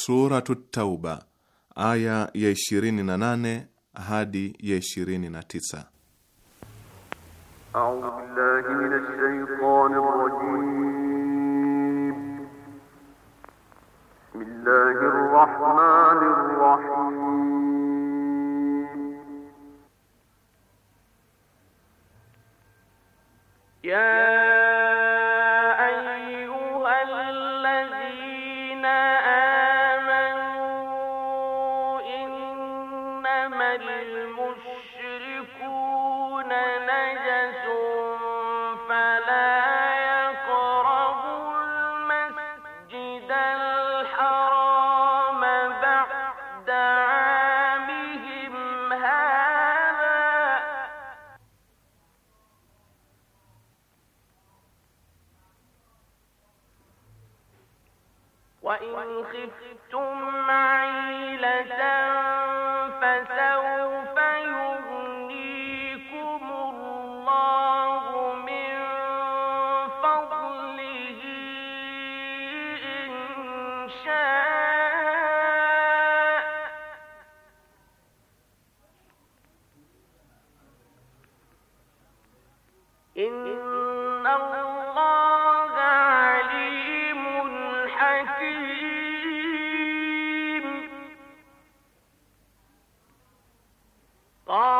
Suratu Tauba aya ya 28 hadi ya 29. na tisa Oh.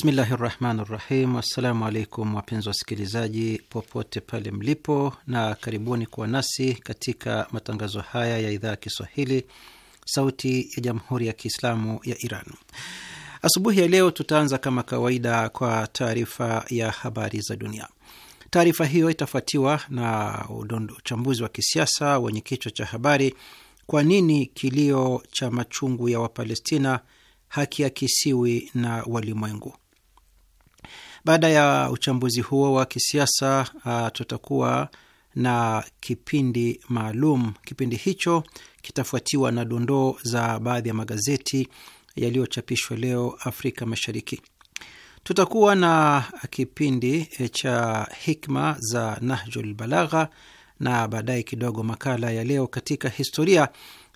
Bismillahi rahmani rahim. Assalamu alaikum wapenzi wasikilizaji popote pale mlipo, na karibuni kuwa nasi katika matangazo haya ya idhaa ya Kiswahili sauti ya jamhuri ya Kiislamu ya Iran. Asubuhi ya leo tutaanza kama kawaida kwa taarifa ya habari za dunia. Taarifa hiyo itafuatiwa na uchambuzi wa kisiasa wenye kichwa cha habari, kwa nini kilio cha machungu ya Wapalestina haki ya kisiwi na walimwengu. Baada ya uchambuzi huo wa kisiasa uh, tutakuwa na kipindi maalum. Kipindi hicho kitafuatiwa na dondoo za baadhi ya magazeti yaliyochapishwa leo Afrika Mashariki. Tutakuwa na kipindi eh, cha hikma za Nahjul Balagha na baadaye kidogo makala ya leo katika historia,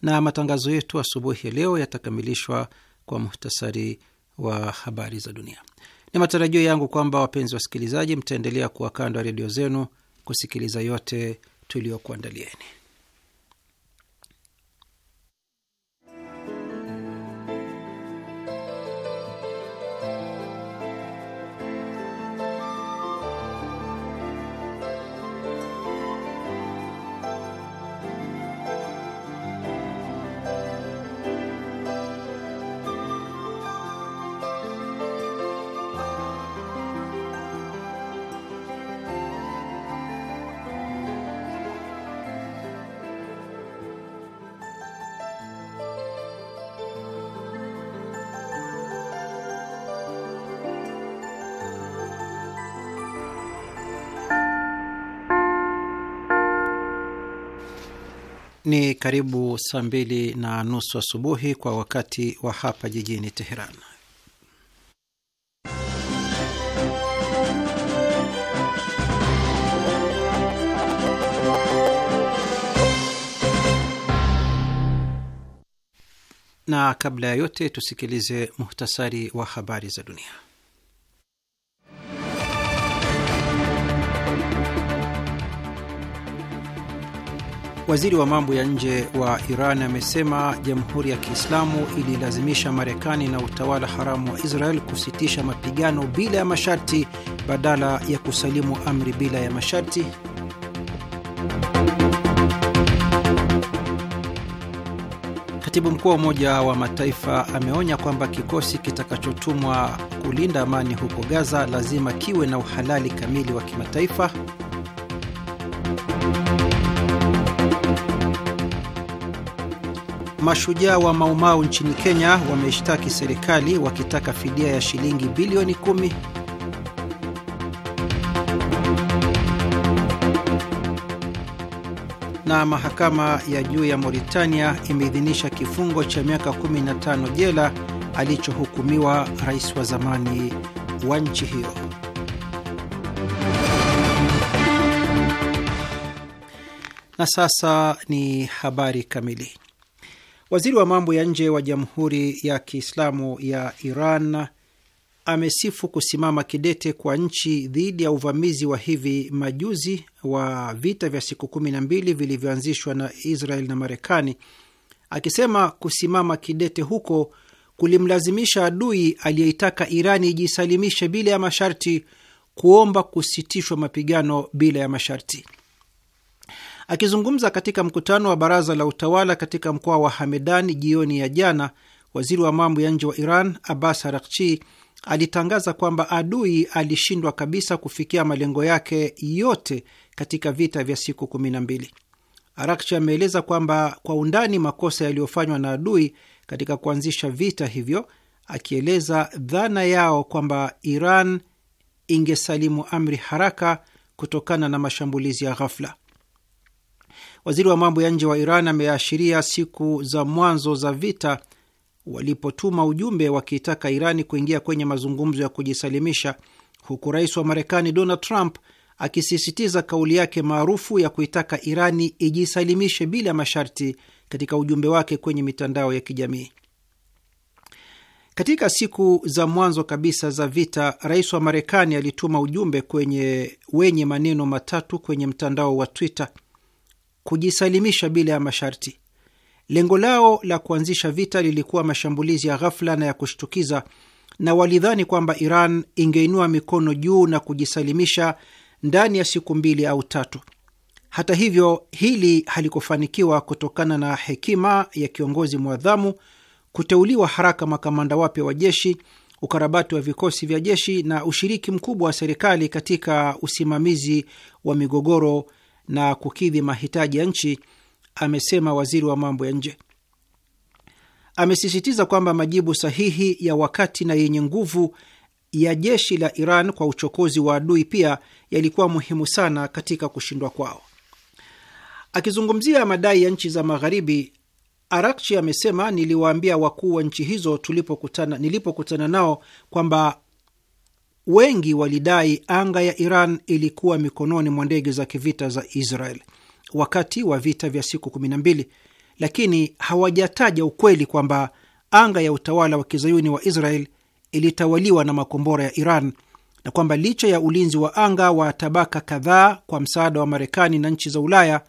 na matangazo yetu asubuhi ya leo yatakamilishwa kwa muhtasari wa habari za dunia. Ni matarajio yangu kwamba wapenzi wasikilizaji, mtaendelea kuwa kando ya redio zenu kusikiliza yote tuliokuandalieni Ni karibu saa mbili na nusu asubuhi wa kwa wakati wa hapa jijini Teheran. Na kabla ya yote tusikilize muhtasari wa habari za dunia. Waziri wa mambo ya nje wa Iran amesema jamhuri ya Kiislamu ililazimisha Marekani na utawala haramu wa Israel kusitisha mapigano bila ya masharti badala ya kusalimu amri bila ya masharti. Katibu mkuu wa Umoja wa Mataifa ameonya kwamba kikosi kitakachotumwa kulinda amani huko Gaza lazima kiwe na uhalali kamili wa kimataifa. Mashujaa wa Maumau nchini Kenya wameshtaki serikali wakitaka fidia ya shilingi bilioni kumi. Na mahakama ya juu ya Mauritania imeidhinisha kifungo cha miaka 15 jela alichohukumiwa rais wa zamani wa nchi hiyo. Na sasa ni habari kamili. Waziri wa mambo ya nje wa Jamhuri ya Kiislamu ya Iran amesifu kusimama kidete kwa nchi dhidi ya uvamizi wa hivi majuzi wa vita vya siku kumi na mbili vilivyoanzishwa na Israel na Marekani, akisema kusimama kidete huko kulimlazimisha adui aliyeitaka Irani ijisalimishe bila ya masharti kuomba kusitishwa mapigano bila ya masharti. Akizungumza katika mkutano wa baraza la utawala katika mkoa wa Hamedani jioni ya jana, waziri wa mambo ya nje wa Iran Abbas Araghchi alitangaza kwamba adui alishindwa kabisa kufikia malengo yake yote katika vita vya siku kumi na mbili. Araghchi ameeleza kwamba kwa undani makosa yaliyofanywa na adui katika kuanzisha vita hivyo, akieleza dhana yao kwamba Iran ingesalimu amri haraka kutokana na mashambulizi ya ghafla. Waziri wa mambo ya nje wa Iran ameashiria siku za mwanzo za vita walipotuma ujumbe wakiitaka Irani kuingia kwenye mazungumzo ya kujisalimisha, huku rais wa Marekani Donald Trump akisisitiza kauli yake maarufu ya kuitaka Irani ijisalimishe bila masharti katika ujumbe wake kwenye mitandao ya kijamii. Katika siku za mwanzo kabisa za vita, rais wa Marekani alituma ujumbe kwenye wenye maneno matatu kwenye mtandao wa Twitter kujisalimisha bila ya masharti. Lengo lao la kuanzisha vita lilikuwa mashambulizi ya ghafla na ya kushtukiza, na walidhani kwamba Iran ingeinua mikono juu na kujisalimisha ndani ya siku mbili au tatu. Hata hivyo, hili halikufanikiwa kutokana na hekima ya kiongozi mwadhamu, kuteuliwa haraka makamanda wapya wa jeshi, ukarabati wa vikosi vya jeshi na ushiriki mkubwa wa serikali katika usimamizi wa migogoro na kukidhi mahitaji ya nchi, amesema waziri wa mambo ya nje. Amesisitiza kwamba majibu sahihi ya wakati na yenye nguvu ya jeshi la Iran kwa uchokozi wa adui pia yalikuwa muhimu sana katika kushindwa kwao. Akizungumzia madai ya nchi za Magharibi, Arakchi amesema niliwaambia wakuu wa nchi hizo tulipokutana, nilipokutana nao kwamba wengi walidai anga ya Iran ilikuwa mikononi mwa ndege za kivita za Israel wakati wa vita vya siku 12, lakini hawajataja ukweli kwamba anga ya utawala wa kizayuni wa Israel ilitawaliwa na makombora ya Iran na kwamba licha ya ulinzi wa anga wa tabaka kadhaa kwa msaada wa Marekani na nchi za Ulaya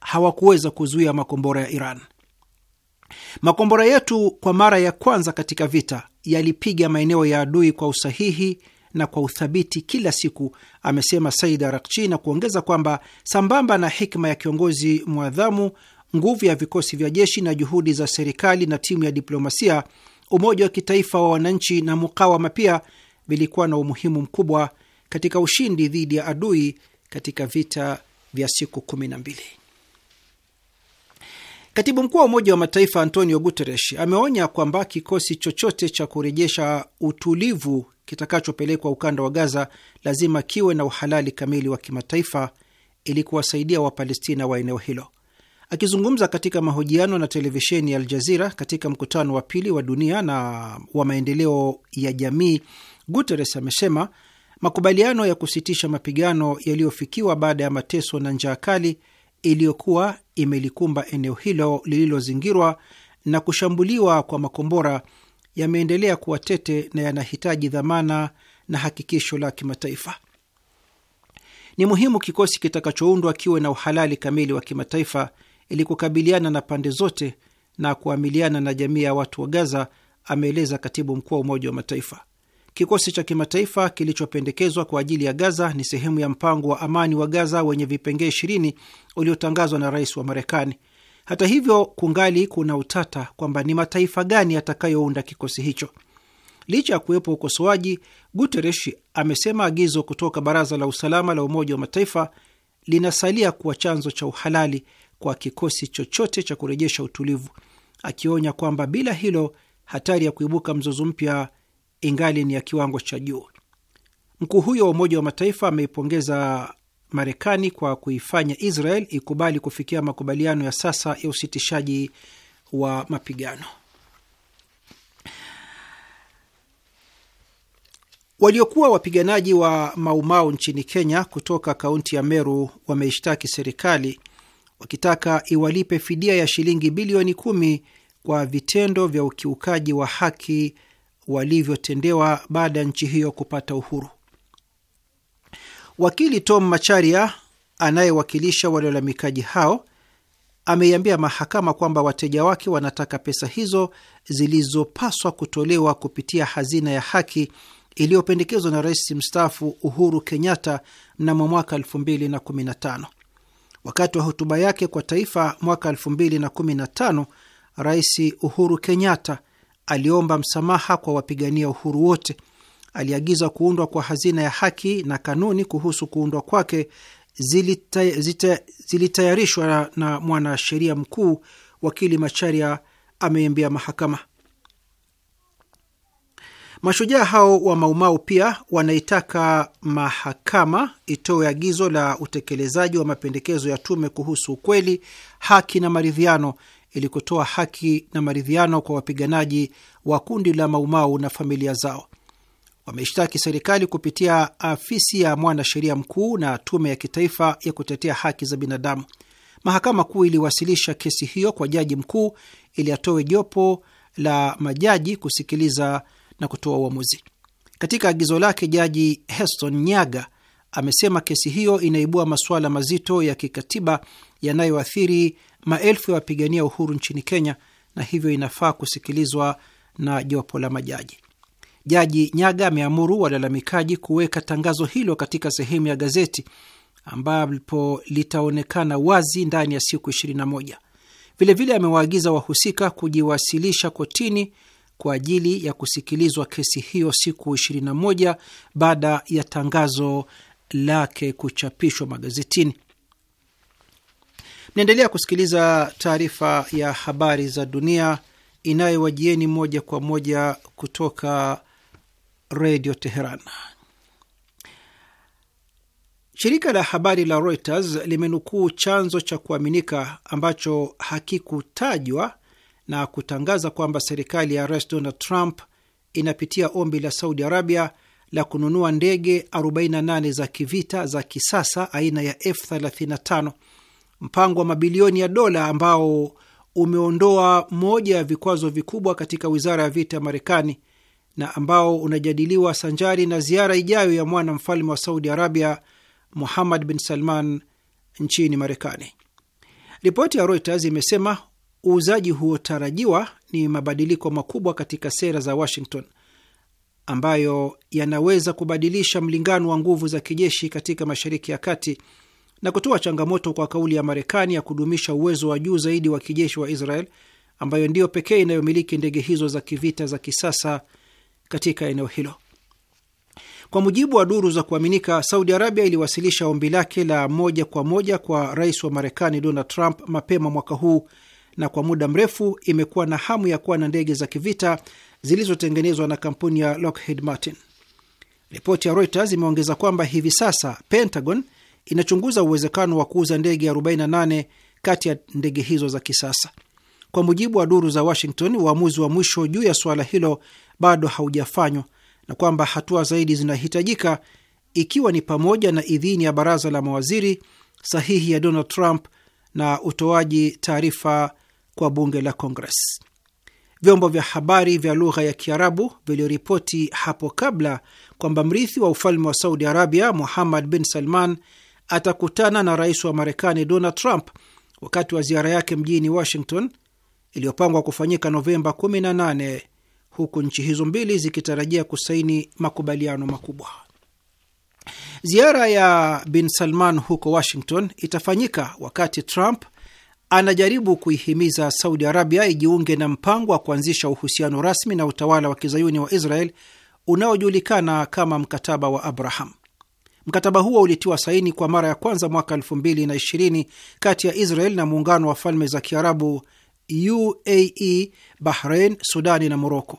hawakuweza kuzuia makombora ya Iran. Makombora yetu kwa mara ya kwanza katika vita yalipiga maeneo ya adui kwa usahihi na kwa uthabiti kila siku, amesema Said Arakchi na kuongeza kwamba sambamba na hikma ya kiongozi mwadhamu, nguvu ya vikosi vya jeshi na juhudi za serikali na timu ya diplomasia, umoja wa kitaifa wa wananchi na mukawama pia vilikuwa na umuhimu mkubwa katika ushindi dhidi ya adui katika vita vya siku kumi na mbili. Katibu mkuu wa Umoja wa Mataifa Antonio Guterres ameonya kwamba kikosi chochote cha kurejesha utulivu kitakachopelekwa ukanda wa Gaza lazima kiwe na uhalali kamili wa kimataifa ili kuwasaidia Wapalestina wa eneo hilo. Akizungumza katika mahojiano na televisheni ya Aljazira katika mkutano wa pili wa dunia na wa maendeleo ya jamii, Guterres amesema makubaliano ya kusitisha mapigano yaliyofikiwa baada ya mateso na njaa kali iliyokuwa imelikumba eneo hilo lililozingirwa na kushambuliwa kwa makombora yameendelea kuwa tete na yanahitaji dhamana na hakikisho la kimataifa. Ni muhimu kikosi kitakachoundwa kiwe na uhalali kamili wa kimataifa ili kukabiliana na pande zote na kuamiliana na jamii ya watu wa Gaza, ameeleza katibu mkuu wa Umoja wa Mataifa. Kikosi cha kimataifa kilichopendekezwa kwa ajili ya Gaza ni sehemu ya mpango wa amani wa Gaza wenye vipengee 20 uliotangazwa na rais wa Marekani hata hivyo, kungali kuna utata kwamba ni mataifa gani yatakayounda kikosi hicho. Licha ya kuwepo ukosoaji, guteresh amesema agizo kutoka Baraza la Usalama la Umoja wa Mataifa linasalia kuwa chanzo cha uhalali kwa kikosi chochote cha kurejesha utulivu, akionya kwamba bila hilo hatari ya kuibuka mzozo mpya ingali ni ya kiwango cha juu. Mkuu huyo wa Umoja wa Mataifa ameipongeza Marekani kwa kuifanya Israel ikubali kufikia makubaliano ya sasa ya usitishaji wa mapigano. Waliokuwa wapiganaji wa Maumau nchini Kenya kutoka kaunti ya Meru wameishtaki serikali wakitaka iwalipe fidia ya shilingi bilioni kumi kwa vitendo vya ukiukaji wa haki walivyotendewa baada ya nchi hiyo kupata uhuru. Wakili Tom Macharia anayewakilisha walalamikaji hao ameiambia mahakama kwamba wateja wake wanataka pesa hizo zilizopaswa kutolewa kupitia hazina ya haki iliyopendekezwa na rais mstaafu Uhuru Kenyatta mnamo mwaka 2015. Wakati wa hotuba yake kwa taifa mwaka 2015, Rais Uhuru Kenyatta aliomba msamaha kwa wapigania uhuru wote aliagiza kuundwa kwa hazina ya haki na kanuni kuhusu kuundwa kwake zilitayarishwa zilita na mwanasheria mkuu wakili Macharia ameiambia mahakama. Mashujaa hao wa Maumau pia wanaitaka mahakama itoe agizo la utekelezaji wa mapendekezo ya tume kuhusu ukweli, haki na maridhiano ili kutoa haki na maridhiano kwa wapiganaji wa kundi la Maumau na familia zao wameshtaki serikali kupitia afisi ya mwanasheria mkuu na tume ya kitaifa ya kutetea haki za binadamu. Mahakama Kuu iliwasilisha kesi hiyo kwa jaji mkuu ili atoe jopo la majaji kusikiliza na kutoa uamuzi. Katika agizo lake, Jaji Heston Nyaga amesema kesi hiyo inaibua masuala mazito ya kikatiba yanayoathiri maelfu ya wapigania uhuru nchini Kenya na hivyo inafaa kusikilizwa na jopo la majaji. Jaji Nyaga ameamuru walalamikaji kuweka tangazo hilo katika sehemu ya gazeti ambapo litaonekana wazi ndani ya siku 21. Vilevile amewaagiza wahusika kujiwasilisha kotini kwa ajili ya kusikilizwa kesi hiyo siku 21 baada ya tangazo lake kuchapishwa magazetini. Mnaendelea kusikiliza taarifa ya habari za dunia inayowajieni moja kwa moja kutoka Redio Teheran. Shirika la habari la Reuters limenukuu chanzo cha kuaminika ambacho hakikutajwa na kutangaza kwamba serikali ya Rais Donald Trump inapitia ombi la Saudi Arabia la kununua ndege 48 za kivita za kisasa aina ya F35, mpango wa mabilioni ya dola ambao umeondoa moja ya vikwazo vikubwa katika wizara ya vita ya Marekani na ambao unajadiliwa sanjari na ziara ijayo ya mwana mfalme wa Saudi Arabia Muhammad bin Salman nchini Marekani. Ripoti ya Reuters imesema uuzaji huo tarajiwa ni mabadiliko makubwa katika sera za Washington ambayo yanaweza kubadilisha mlingano wa nguvu za kijeshi katika Mashariki ya Kati na kutoa changamoto kwa kauli ya Marekani ya kudumisha uwezo wa juu zaidi wa kijeshi wa Israel ambayo ndiyo pekee inayomiliki ndege hizo za kivita za kisasa katika eneo hilo. Kwa mujibu wa duru za kuaminika, Saudi Arabia iliwasilisha ombi lake la moja kwa moja kwa rais wa Marekani Donald Trump mapema mwaka huu, na kwa muda mrefu imekuwa na hamu ya kuwa na ndege za kivita zilizotengenezwa na kampuni ya Lockheed Martin. Ripoti ya Reuters imeongeza kwamba hivi sasa Pentagon inachunguza uwezekano wa kuuza ndege 48 kati ya ndege hizo za kisasa. Kwa mujibu wa duru za Washington, uamuzi wa mwisho juu ya suala hilo bado haujafanywa na kwamba hatua zaidi zinahitajika, ikiwa ni pamoja na idhini ya baraza la mawaziri, sahihi ya Donald Trump na utoaji taarifa kwa bunge la Congress. Vyombo vya habari vya lugha ya Kiarabu viliripoti hapo kabla kwamba mrithi wa ufalme wa Saudi Arabia Muhammad bin Salman atakutana na rais wa Marekani Donald Trump wakati wa ziara yake mjini Washington iliyopangwa kufanyika Novemba 18 huku nchi hizo mbili zikitarajia kusaini makubaliano makubwa. Ziara ya Bin Salman huko Washington itafanyika wakati Trump anajaribu kuihimiza Saudi Arabia ijiunge na mpango wa kuanzisha uhusiano rasmi na utawala wa kizayuni wa Israel unaojulikana kama mkataba wa Abraham. Mkataba huo ulitiwa saini kwa mara ya kwanza mwaka 2020 kati ya Israel na muungano wa falme za Kiarabu UAE, bahrain Sudani na Moroko,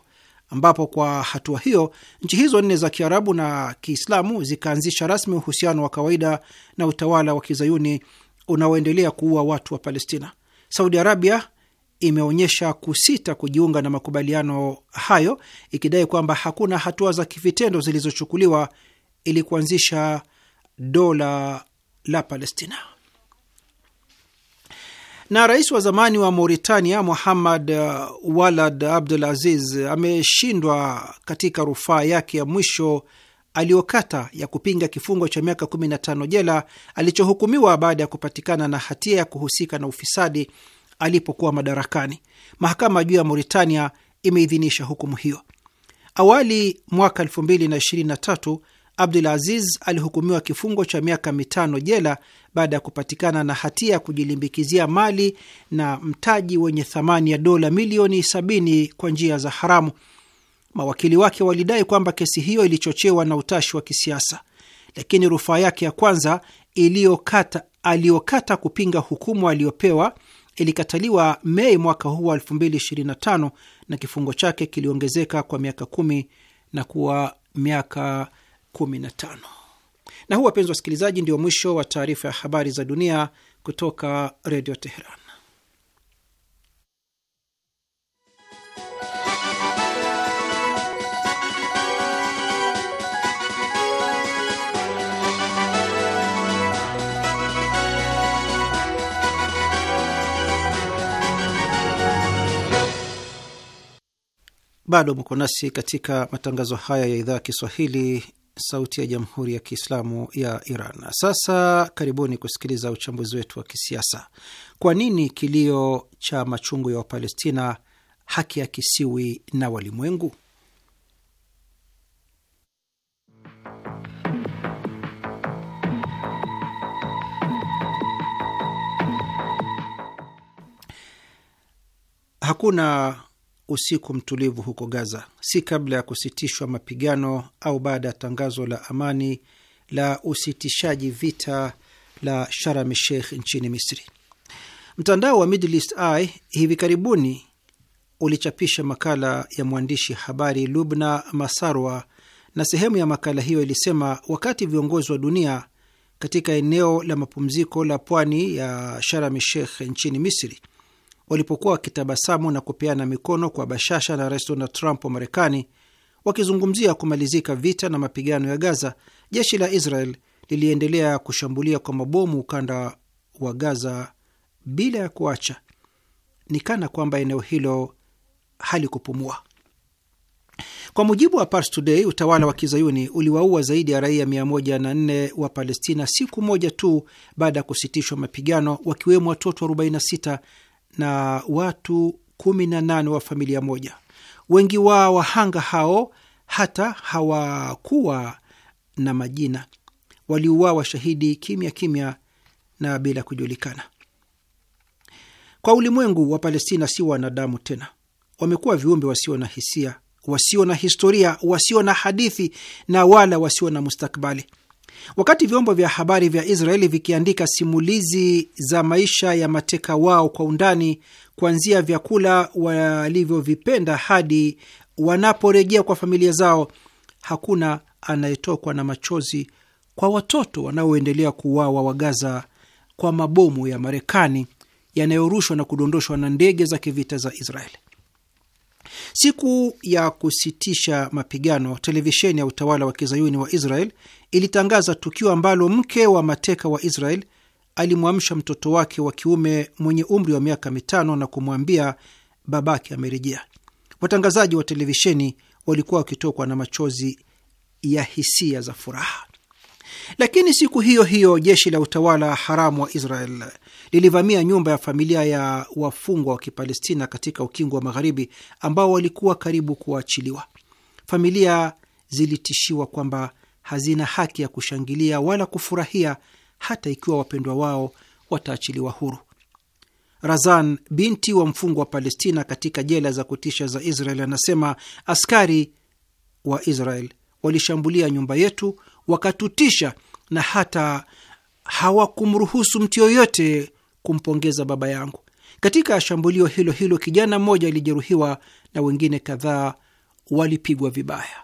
ambapo kwa hatua hiyo nchi hizo nne za Kiarabu na Kiislamu zikaanzisha rasmi uhusiano wa kawaida na utawala wa kizayuni unaoendelea kuua watu wa Palestina. Saudi Arabia imeonyesha kusita kujiunga na makubaliano hayo ikidai kwamba hakuna hatua za kivitendo zilizochukuliwa ili kuanzisha dola la Palestina. Na rais wa zamani wa Mauritania Muhammad uh, Walad Abdul Aziz ameshindwa katika rufaa yake ya mwisho aliyokata ya kupinga kifungo cha miaka 15 jela alichohukumiwa baada ya kupatikana na hatia ya kuhusika na ufisadi alipokuwa madarakani. Mahakama juu ya Mauritania imeidhinisha hukumu hiyo. Awali mwaka 2023 Abdul Aziz alihukumiwa kifungo cha miaka mitano jela baada ya kupatikana na hatia ya kujilimbikizia mali na mtaji wenye thamani ya dola milioni 70 kwa njia za haramu. Mawakili wake walidai kwamba kesi hiyo ilichochewa na utashi wa kisiasa, lakini rufaa yake ya kwanza iliyokata aliyokata kupinga hukumu aliyopewa ilikataliwa Mei mwaka huu wa 2025 na kifungo chake kiliongezeka kwa miaka kumi na kuwa miaka 15. Na huu, wapenzi wasikilizaji, ndio mwisho wa taarifa ya habari za dunia kutoka Redio Teheran. Bado mko nasi katika matangazo haya ya idhaa ya Kiswahili Sauti ya Jamhuri ya Kiislamu ya Iran. Sasa karibuni kusikiliza uchambuzi wetu wa kisiasa. Kwa nini kilio cha machungu ya Wapalestina haki ya kisiwi na walimwengu? Hakuna usiku mtulivu huko Gaza, si kabla ya kusitishwa mapigano au baada ya tangazo la amani la usitishaji vita la Sharm el Sheikh nchini Misri. Mtandao wa Middle East Eye hivi karibuni ulichapisha makala ya mwandishi habari Lubna Masarwa, na sehemu ya makala hiyo ilisema, wakati viongozi wa dunia katika eneo la mapumziko la pwani ya Sharm el Sheikh nchini Misri walipokuwa wakitabasamu na kupeana mikono kwa bashasha na Rais Donald Trump wa Marekani, wakizungumzia kumalizika vita na mapigano ya Gaza, jeshi la Israel liliendelea kushambulia kwa mabomu ukanda wa Gaza bila ya kuacha, ni kana kwamba eneo hilo halikupumua. Kwa mujibu wa Pars Today, utawala wa kizayuni uliwaua zaidi ya raia 104 wa Palestina siku moja tu baada ya kusitishwa mapigano, wakiwemo watoto 46 na watu 18 wa familia moja. Wengi wa wahanga hao hata hawakuwa na majina, waliuawa shahidi kimya kimya na bila kujulikana. Kwa ulimwengu, Wapalestina si wanadamu tena, wamekuwa viumbe wasio na hisia, wasio na historia, wasio na hadithi na wala wasio na mustakbali. Wakati vyombo vya habari vya Israeli vikiandika simulizi za maisha ya mateka wao kwa undani, kuanzia vyakula walivyovipenda hadi wanaporejea kwa familia zao, hakuna anayetokwa na machozi kwa watoto wanaoendelea kuuawa wa Gaza kwa mabomu ya Marekani yanayorushwa na kudondoshwa na ndege za kivita za Israeli. Siku ya kusitisha mapigano, televisheni ya utawala wa kizayuni wa Israel ilitangaza tukio ambalo mke wa mateka wa Israel alimwamsha mtoto wake wa kiume mwenye umri wa miaka mitano na kumwambia babake amerejea. Watangazaji wa televisheni walikuwa wakitokwa na machozi ya hisia za furaha. Lakini siku hiyo hiyo jeshi la utawala haramu wa Israel lilivamia nyumba ya familia ya wafungwa wa Kipalestina katika ukingo wa Magharibi ambao walikuwa karibu kuachiliwa. Familia zilitishiwa kwamba hazina haki ya kushangilia wala kufurahia hata ikiwa wapendwa wao wataachiliwa huru. Razan, binti wa mfungwa wa Palestina katika jela za kutisha za Israel, anasema askari wa Israel walishambulia nyumba yetu, wakatutisha na hata hawakumruhusu mtu yoyote kumpongeza baba yangu. Katika shambulio hilo hilo kijana mmoja alijeruhiwa na wengine kadhaa walipigwa vibaya.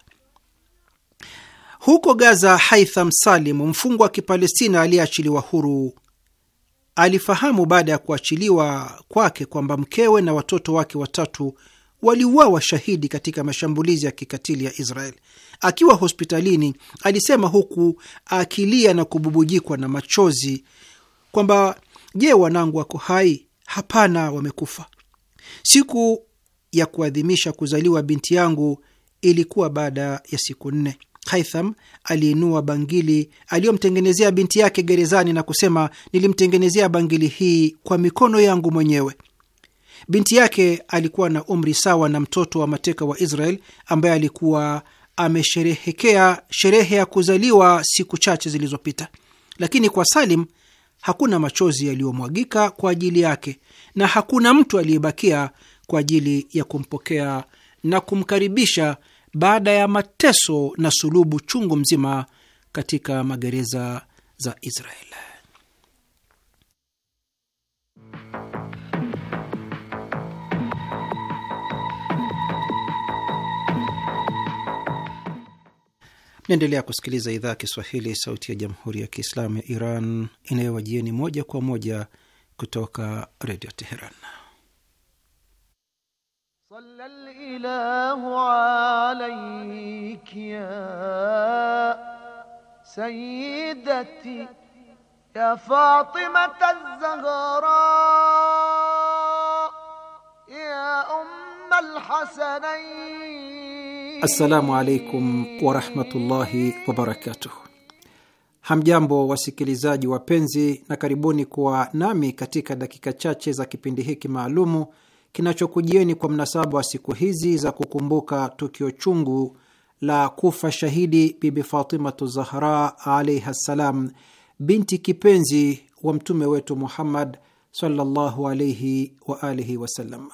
Huko Gaza, Haitham Salim, mfungwa wa Kipalestina aliyeachiliwa huru, alifahamu baada ya kuachiliwa kwake kwamba mkewe na watoto wake watatu waliuawa shahidi katika mashambulizi ya kikatili ya Israel. Akiwa hospitalini, alisema huku akilia na kububujikwa na machozi kwamba je, wanangu wako hai? Hapana, wamekufa. Siku ya kuadhimisha kuzaliwa binti yangu ilikuwa baada ya siku nne. Haitham aliinua bangili aliyomtengenezea binti yake gerezani na kusema, nilimtengenezea bangili hii kwa mikono yangu mwenyewe. Binti yake alikuwa na umri sawa na mtoto wa mateka wa Israel ambaye alikuwa amesherehekea sherehe ya kuzaliwa siku chache zilizopita, lakini kwa Salim hakuna machozi yaliyomwagika kwa ajili yake na hakuna mtu aliyebakia kwa ajili ya kumpokea na kumkaribisha baada ya mateso na sulubu chungu mzima katika magereza za Israeli. Naendelea kusikiliza idhaa ya Kiswahili, sauti ya jamhuri ya kiislamu ya Iran inayowajieni moja kwa moja kutoka redio Teheran. ya Assalamu alaikum warahmatullahi wabarakatuh. Hamjambo wasikilizaji wapenzi, na karibuni kuwa nami katika dakika chache za kipindi hiki maalumu kinachokujieni kwa mnasaba wa siku hizi za kukumbuka tukio chungu la kufa shahidi Bibi Fatimatu Zahra alaiha ssalam, binti kipenzi wa mtume wetu Muhammad sallallahu alaihi waalihi wasallam.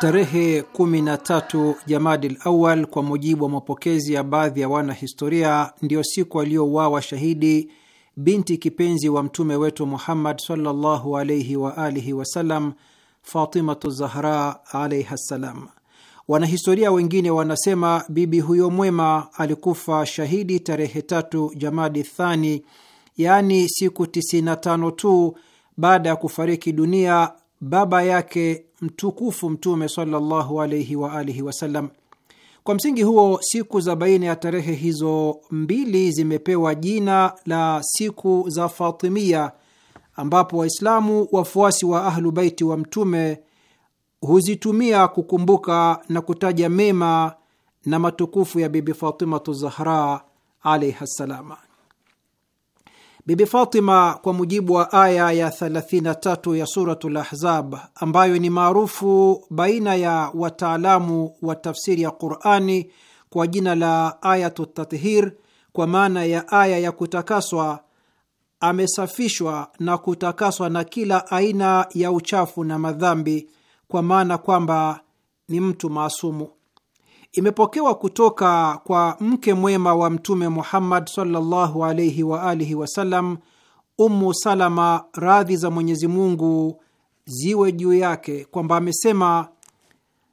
Tarehe 13 Jamadil Awal, kwa mujibu wa mapokezi ya baadhi ya wanahistoria, ndiyo siku aliyouawa shahidi binti kipenzi wa mtume wetu Muhammad sallallahu wa alihi wasallam, Fatimatu Zahra alaiha ssalam. Wanahistoria wengine wanasema bibi huyo mwema alikufa shahidi tarehe tatu Jamadi Thani, yaani siku 95 tu baada ya kufariki dunia baba yake mtukufu Mtume sallallahu alaihi wa alihi wasallam. Kwa msingi huo, siku za baina ya tarehe hizo mbili zimepewa jina la siku za Fatimia, ambapo Waislamu wafuasi wa Ahlu Baiti wa Mtume huzitumia kukumbuka na kutaja mema na matukufu ya Bibi Fatimatu Zahra alaihi ssalama. Bibi Fatima, kwa mujibu wa aya ya 33 ya Suratul Ahzab ambayo ni maarufu baina ya wataalamu wa tafsiri ya Qurani kwa jina la Ayatu Tathir, kwa maana ya aya ya kutakaswa, amesafishwa na kutakaswa na kila aina ya uchafu na madhambi, kwa maana kwamba ni mtu maasumu imepokewa kutoka kwa mke mwema wa Mtume Muhammad sallallahu alaihi wa alihi wasallam, Ummu Salama, radhi za Mwenyezi Mungu ziwe juu yake, kwamba amesema,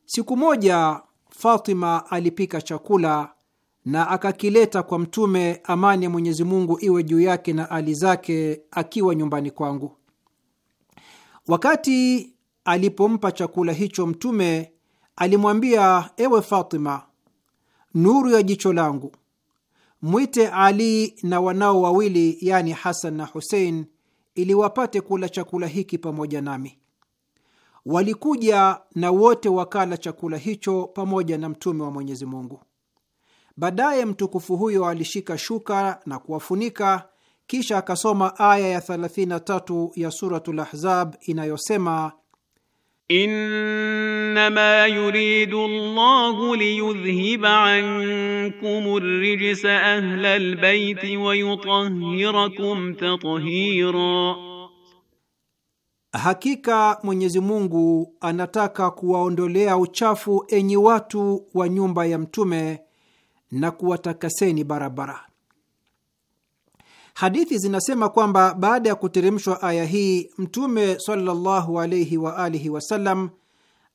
siku moja Fatima alipika chakula na akakileta kwa Mtume, amani ya Mwenyezi Mungu iwe juu yake na ali zake, akiwa nyumbani kwangu. Wakati alipompa chakula hicho Mtume, alimwambia, ewe Fatima, nuru ya jicho langu, mwite Ali na wanao wawili, yani Hasan na Husein, ili wapate kula chakula hiki pamoja nami. Walikuja na wote wakala chakula hicho pamoja na Mtume wa Mwenyezi Mungu. Baadaye mtukufu huyo alishika shuka na kuwafunika, kisha akasoma aya ya 33 ya Suratul Ahzab inayosema إنما يريد الله ليذهب عنكم الرجس أهل البيت ويطهركم تطهيرا, hakika Mwenyezi Mungu anataka kuwaondolea uchafu enyi watu wa nyumba ya mtume na kuwatakaseni barabara. Hadithi zinasema kwamba baada ya kuteremshwa aya hii, Mtume sallallahu alaihi wa alihi wasallam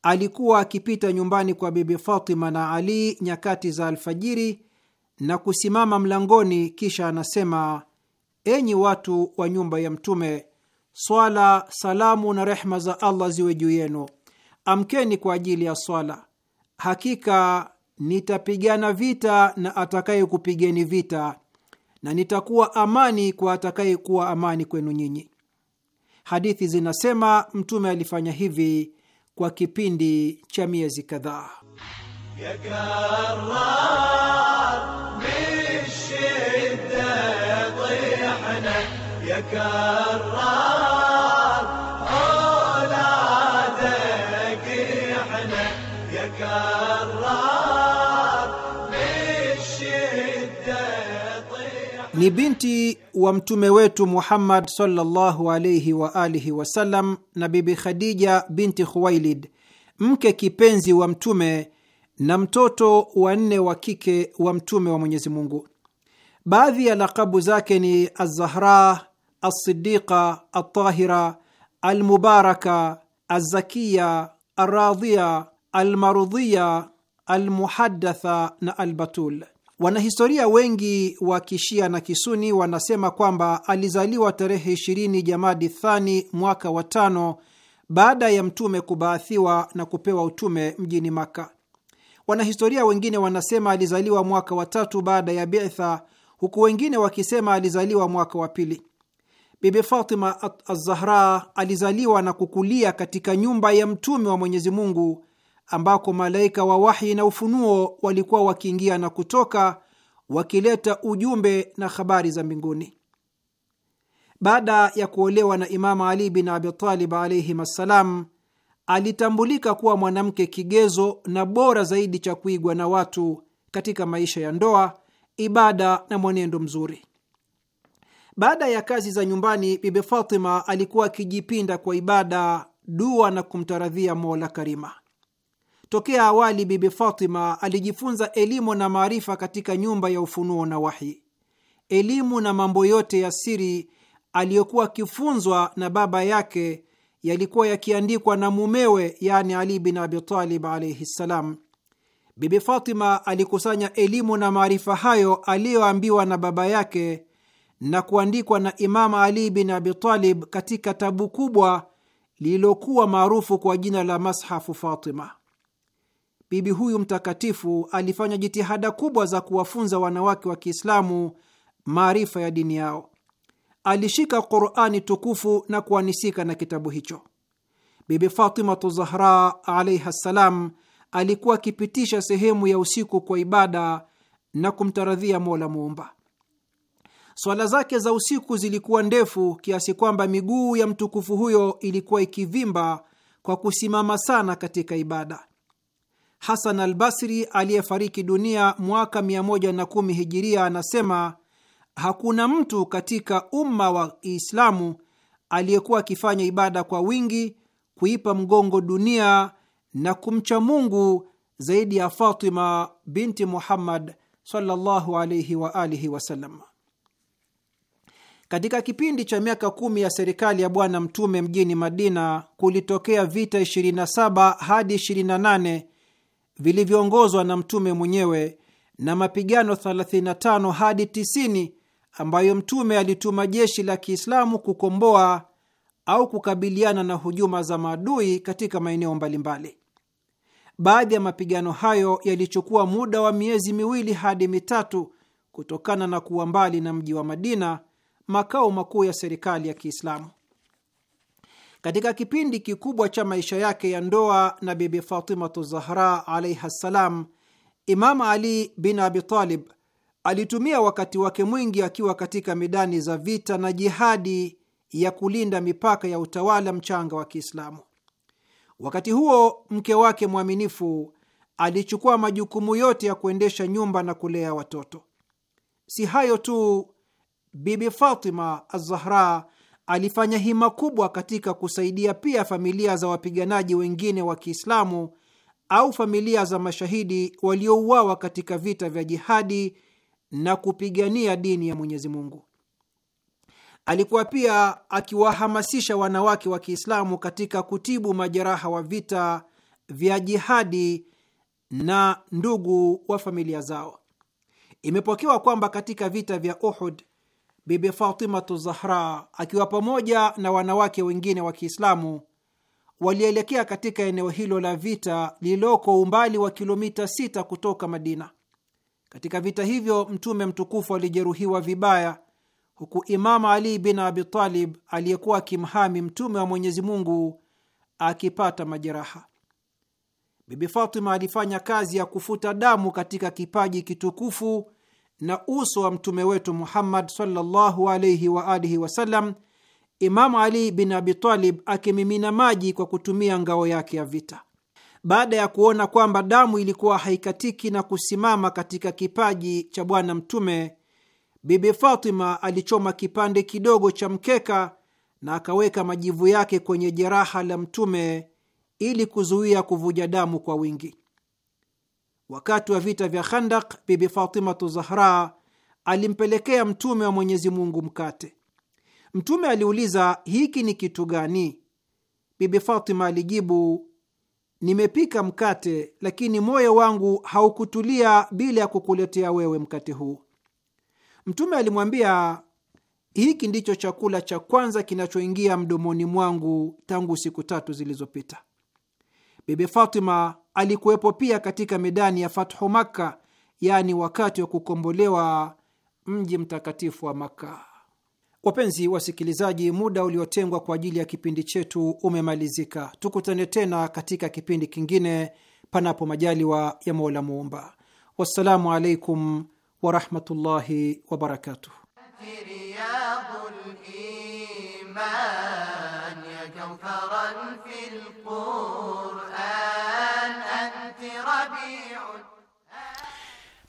alikuwa akipita nyumbani kwa Bibi Fatima na Ali nyakati za alfajiri na kusimama mlangoni, kisha anasema: enyi watu wa nyumba ya Mtume, swala, salamu na rehma za Allah ziwe juu yenu, amkeni kwa ajili ya swala. Hakika nitapigana vita na atakayekupigeni vita na nitakuwa amani kwa atakayekuwa amani kwenu nyinyi. Hadithi zinasema Mtume alifanya hivi kwa kipindi cha miezi kadhaa. Ni binti wa mtume wetu Muhammad sallallahu alayhi wa alihi wasallam na Bibi Khadija binti Khuwailid, mke kipenzi wa mtume na mtoto wa nne wa kike wa mtume wa Mwenyezi Mungu. Baadhi ya lakabu zake ni Alzahra, Alsidiqa, Altahira, Almubaraka, Alzakiya, Alradhiya, Almarudhiya, Almuhadatha na Albatul. Wanahistoria wengi wa kishia na kisuni wanasema kwamba alizaliwa tarehe 20 Jamadi Thani mwaka wa tano baada ya mtume kubaathiwa na kupewa utume mjini Makka. Wanahistoria wengine wanasema alizaliwa mwaka wa tatu baada ya bitha, huku wengine wakisema alizaliwa mwaka wa pili. Bibi Fatima Az-Zahra alizaliwa na kukulia katika nyumba ya mtume wa Mwenyezi Mungu ambako malaika wa wahi na ufunuo walikuwa wakiingia na kutoka wakileta ujumbe na habari za mbinguni. Baada ya kuolewa na Imamu Ali bin Abitalib alaihim assalam, alitambulika kuwa mwanamke kigezo na bora zaidi cha kuigwa na watu katika maisha ya ndoa, ibada na mwenendo mzuri. Baada ya kazi za nyumbani, Bibi Fatima alikuwa akijipinda kwa ibada, dua na kumtaradhia Mola Karima. Tokea awali, Bibi Fatima alijifunza elimu na maarifa katika nyumba ya ufunuo na wahi. Elimu na mambo yote ya siri aliyokuwa akifunzwa na baba yake yalikuwa yakiandikwa na mumewe, yani Ali bin Abitalib alaihi ssalam. Bibi Fatima alikusanya elimu na maarifa hayo aliyoambiwa na baba yake na kuandikwa na Imamu Ali bin Abitalib katika tabu kubwa lililokuwa maarufu kwa jina la Mashafu Fatima bibi huyu mtakatifu alifanya jitihada kubwa za kuwafunza wanawake wa Kiislamu maarifa ya dini yao. Alishika Qurani tukufu na kuanisika na kitabu hicho. Bibi Fatimatu Zahra alaihi ssalam alikuwa akipitisha sehemu ya usiku kwa ibada na kumtaradhia Mola Muumba. Swala zake za usiku zilikuwa ndefu kiasi kwamba miguu ya mtukufu huyo ilikuwa ikivimba kwa kusimama sana katika ibada. Hasan al Basri aliyefariki dunia mwaka 110 hijiria, anasema hakuna mtu katika umma wa Islamu aliyekuwa akifanya ibada kwa wingi, kuipa mgongo dunia na kumcha Mungu zaidi ya Fatima binti Muhammad sallallahu alayhi wa alihi wasallam. Katika kipindi cha miaka kumi ya serikali ya Bwana Mtume mjini Madina kulitokea vita 27 hadi 28 vilivyoongozwa na mtume mwenyewe na mapigano 35 hadi 90 ambayo mtume alituma jeshi la Kiislamu kukomboa au kukabiliana na hujuma za maadui katika maeneo mbalimbali. Baadhi ya mapigano hayo yalichukua muda wa miezi miwili hadi mitatu kutokana na kuwa mbali na mji wa Madina, makao makuu ya serikali ya Kiislamu. Katika kipindi kikubwa cha maisha yake ya ndoa na Bibi Fatimatu Zahra alaihi ssalam, Imam Ali bin Abitalib alitumia wakati wake mwingi akiwa katika midani za vita na jihadi ya kulinda mipaka ya utawala mchanga wa Kiislamu. Wakati huo mke wake mwaminifu alichukua majukumu yote ya kuendesha nyumba na kulea watoto. Si hayo tu, Bibi Fatima Azahra alifanya hima kubwa katika kusaidia pia familia za wapiganaji wengine wa Kiislamu au familia za mashahidi waliouawa katika vita vya jihadi na kupigania dini ya Mwenyezi Mungu. Alikuwa pia akiwahamasisha wanawake wa Kiislamu katika kutibu majeraha wa vita vya jihadi na ndugu wa familia zao. Imepokewa kwamba katika vita vya Uhud Bibi Fatimatu Zahra akiwa pamoja na wanawake wengine wa Kiislamu walielekea katika eneo hilo la vita lililoko umbali wa kilomita sita kutoka Madina. Katika vita hivyo Mtume mtukufu alijeruhiwa vibaya, huku Imamu Ali bin Abi Talib aliyekuwa akimhami Mtume wa Mwenyezi Mungu akipata majeraha. Bibi Fatima alifanya kazi ya kufuta damu katika kipaji kitukufu na uso wa mtume wetu Muhammad sallallahu alaihi wa alihi wasallam, Imamu Ali bin Abitalib akimimina maji kwa kutumia ngao yake ya vita. Baada ya kuona kwamba damu ilikuwa haikatiki na kusimama katika kipaji cha bwana mtume, Bibi Fatima alichoma kipande kidogo cha mkeka na akaweka majivu yake kwenye jeraha la mtume ili kuzuia kuvuja damu kwa wingi. Wakati wa vita vya Khandak, Bibi Fatimatu Zahra alimpelekea Mtume wa Mwenyezi Mungu mkate. Mtume aliuliza, hiki ni kitu gani? Bibi Fatima alijibu, nimepika mkate, lakini moyo wangu haukutulia bila ya kukuletea wewe mkate huu. Mtume alimwambia, hiki ndicho chakula cha kwanza kinachoingia mdomoni mwangu tangu siku tatu zilizopita. Bibi Fatima alikuwepo pia katika medani ya fathu Makka, yaani wakati wa kukombolewa mji mtakatifu wa Makka. Wapenzi wasikilizaji, muda uliotengwa kwa ajili ya kipindi chetu umemalizika. Tukutane tena katika kipindi kingine, panapo majaliwa ya Mola Muumba. Wassalamu alaikum warahmatullahi wabarakatuh.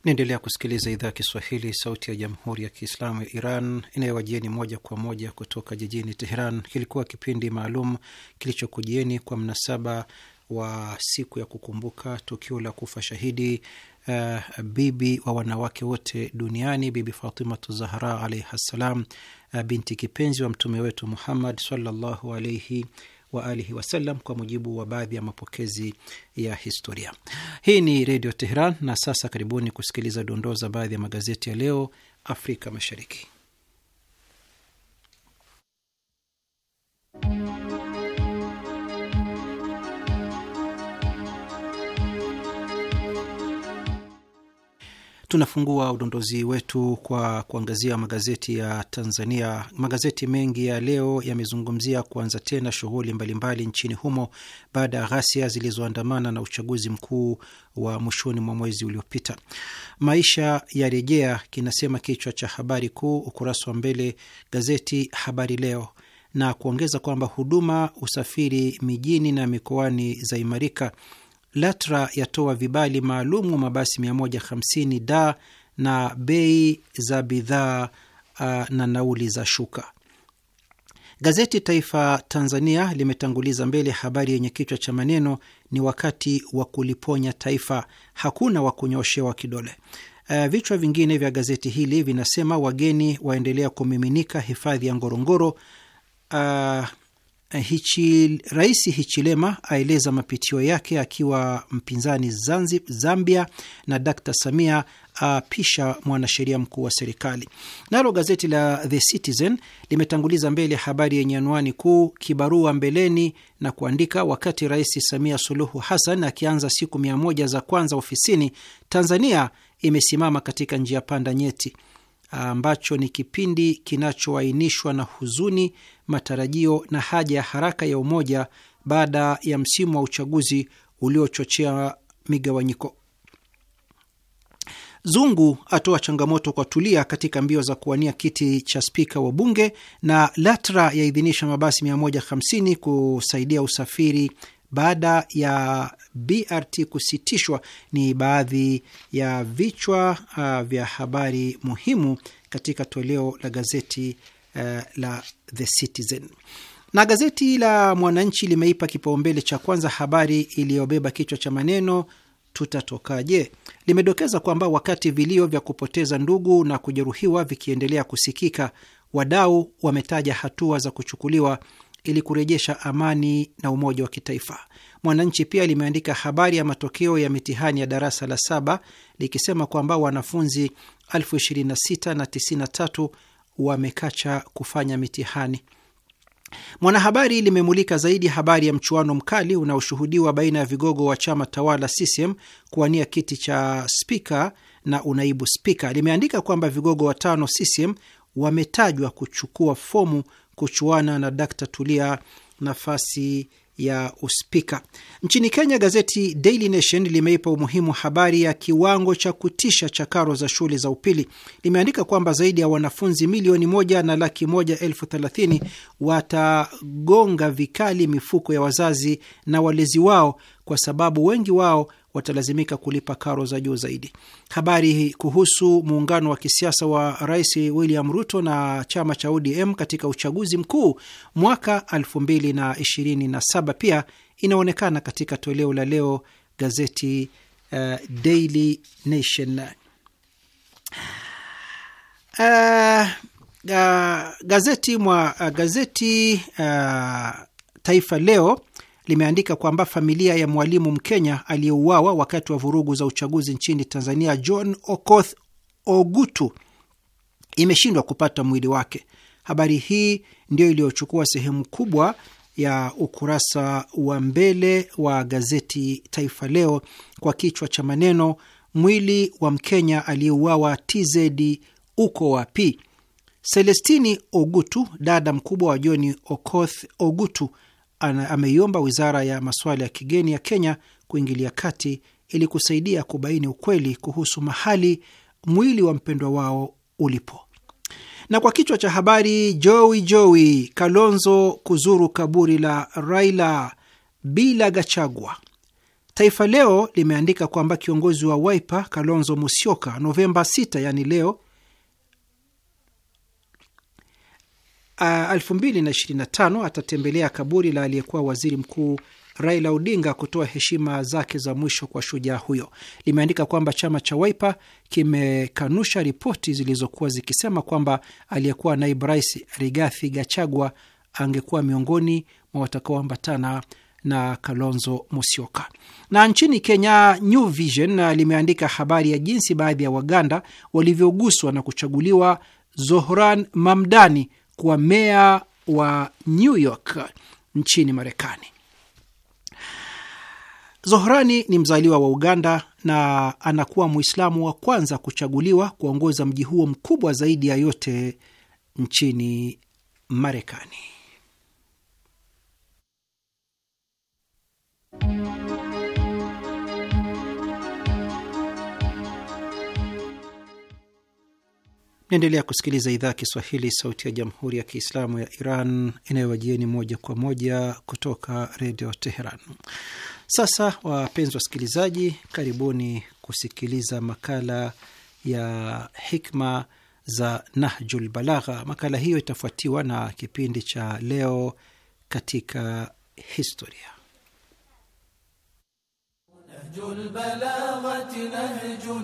Naendelea kusikiliza idhaa ya Kiswahili, sauti ya jamhuri ya kiislamu ya Iran inayowajieni moja kwa moja kutoka jijini Teheran. Kilikuwa kipindi maalum kilichokujieni kwa mnasaba wa siku ya kukumbuka tukio la kufa shahidi uh, bibi wa wanawake wote duniani, Bibi Fatimatu Zahra alaihi ssalam, uh, eh, binti kipenzi wa mtume wetu Muhammad sallallahu alaihi wa alihi wasallam, kwa mujibu wa baadhi ya mapokezi ya historia. Hii ni Redio Teheran. Na sasa karibuni kusikiliza dondoo za baadhi ya magazeti ya leo Afrika Mashariki. Tunafungua udondozi wetu kwa kuangazia magazeti ya Tanzania. Magazeti mengi ya leo yamezungumzia kuanza tena shughuli mbalimbali nchini humo baada ya ghasia zilizoandamana na uchaguzi mkuu wa mwishoni mwa mwezi uliopita. Maisha ya rejea, kinasema kichwa cha habari kuu ukurasa wa mbele gazeti Habari Leo, na kuongeza kwamba huduma usafiri mijini na mikoani zaimarika LATRA yatoa vibali maalumu mabasi 150 da na bei za bidhaa uh, na nauli za shuka. Gazeti Taifa Tanzania limetanguliza mbele habari yenye kichwa cha maneno ni wakati wa kuliponya taifa, hakuna wa kunyoshewa kidole. Uh, vichwa vingine vya gazeti hili vinasema wageni waendelea kumiminika hifadhi ya Ngorongoro. Uh, Hichi, Rais Hichilema aeleza mapitio yake akiwa mpinzani Zanzib, Zambia na Dr. Samia apisha mwanasheria mkuu wa serikali. Nalo gazeti la The Citizen limetanguliza mbele habari yenye anwani kuu kibarua mbeleni na kuandika, wakati Rais Samia Suluhu Hassan akianza siku mia moja za kwanza ofisini, Tanzania imesimama katika njia panda nyeti ambacho ni kipindi kinachoainishwa na huzuni, matarajio na haja ya haraka ya umoja baada ya msimu wa uchaguzi uliochochea migawanyiko. Zungu atoa changamoto kwa Tulia katika mbio za kuwania kiti cha spika wa Bunge, na LATRA yaidhinisha mabasi 150 kusaidia usafiri baada ya BRT kusitishwa ni baadhi ya vichwa uh, vya habari muhimu katika toleo la gazeti uh, la The Citizen na gazeti la Mwananchi limeipa kipaumbele cha kwanza habari iliyobeba kichwa cha maneno tutatokaje. Limedokeza kwamba wakati vilio vya kupoteza ndugu na kujeruhiwa vikiendelea kusikika, wadau wametaja hatua za kuchukuliwa ili kurejesha amani na umoja wa kitaifa. Mwananchi pia limeandika habari ya matokeo ya mitihani ya darasa la saba likisema kwamba wanafunzi 26,093 wamekacha kufanya mitihani. Mwanahabari limemulika zaidi habari ya mchuano mkali unaoshuhudiwa baina ya vigogo wa chama tawala CCM kuwania kiti cha spika na unaibu spika. Limeandika kwamba vigogo watano CCM wametajwa kuchukua fomu kuchuana na Dkt Tulia nafasi ya uspika. Nchini Kenya, gazeti Daily Nation limeipa umuhimu habari ya kiwango cha kutisha cha karo za shule za upili. Limeandika kwamba zaidi ya wanafunzi milioni moja na laki moja elfu thelathini watagonga vikali mifuko ya wazazi na walezi wao kwa sababu wengi wao watalazimika kulipa karo za juu zaidi. Habari kuhusu muungano wa kisiasa wa Rais William Ruto na chama cha ODM katika uchaguzi mkuu mwaka 2027 pia inaonekana katika toleo la leo gazeti uh, Daily Nation. Uh, uh, gazeti mwa uh, gazeti uh, Taifa Leo limeandika kwamba familia ya mwalimu Mkenya aliyeuawa wakati wa vurugu za uchaguzi nchini Tanzania, John Okoth Ogutu, imeshindwa kupata mwili wake. Habari hii ndiyo iliyochukua sehemu kubwa ya ukurasa wa mbele wa gazeti Taifa Leo kwa kichwa cha maneno mwili wa Mkenya aliyeuawa TZ uko wapi? Celestini Ogutu, dada mkubwa wa John Okoth Ogutu, ameiomba wizara ya masuala ya kigeni ya Kenya kuingilia kati ili kusaidia kubaini ukweli kuhusu mahali mwili wa mpendwa wao ulipo. Na kwa kichwa cha habari Jowi Jowi Kalonzo kuzuru kaburi la Raila bila Gachagwa, Taifa Leo limeandika kwamba kiongozi wa Wiper Kalonzo Musyoka Novemba 6, yani leo, 2025 atatembelea kaburi la aliyekuwa waziri mkuu Raila Odinga kutoa heshima zake za mwisho kwa shujaa huyo. Limeandika kwamba chama cha Waipa kimekanusha ripoti zilizokuwa zikisema kwamba aliyekuwa naibu rais Rigathi Gachagua angekuwa miongoni mwa watakaoambatana na Kalonzo Musyoka. Na nchini Kenya, New Vision limeandika habari ya jinsi baadhi ya Waganda walivyoguswa na kuchaguliwa Zohran Mamdani kwa meya wa New York nchini Marekani. Zohrani ni mzaliwa wa Uganda na anakuwa Mwislamu wa kwanza kuchaguliwa kuongoza mji huo mkubwa zaidi ya yote nchini Marekani. Naendelea kusikiliza idhaa ya Kiswahili, sauti ya jamhuri ya kiislamu ya Iran inayowajieni moja kwa moja kutoka redio Teheran. Sasa wapenzi wasikilizaji, karibuni kusikiliza makala ya hikma za Nahjul Balagha. Makala hiyo itafuatiwa na kipindi cha leo katika historia. Nahjul Balagha, Nahjul.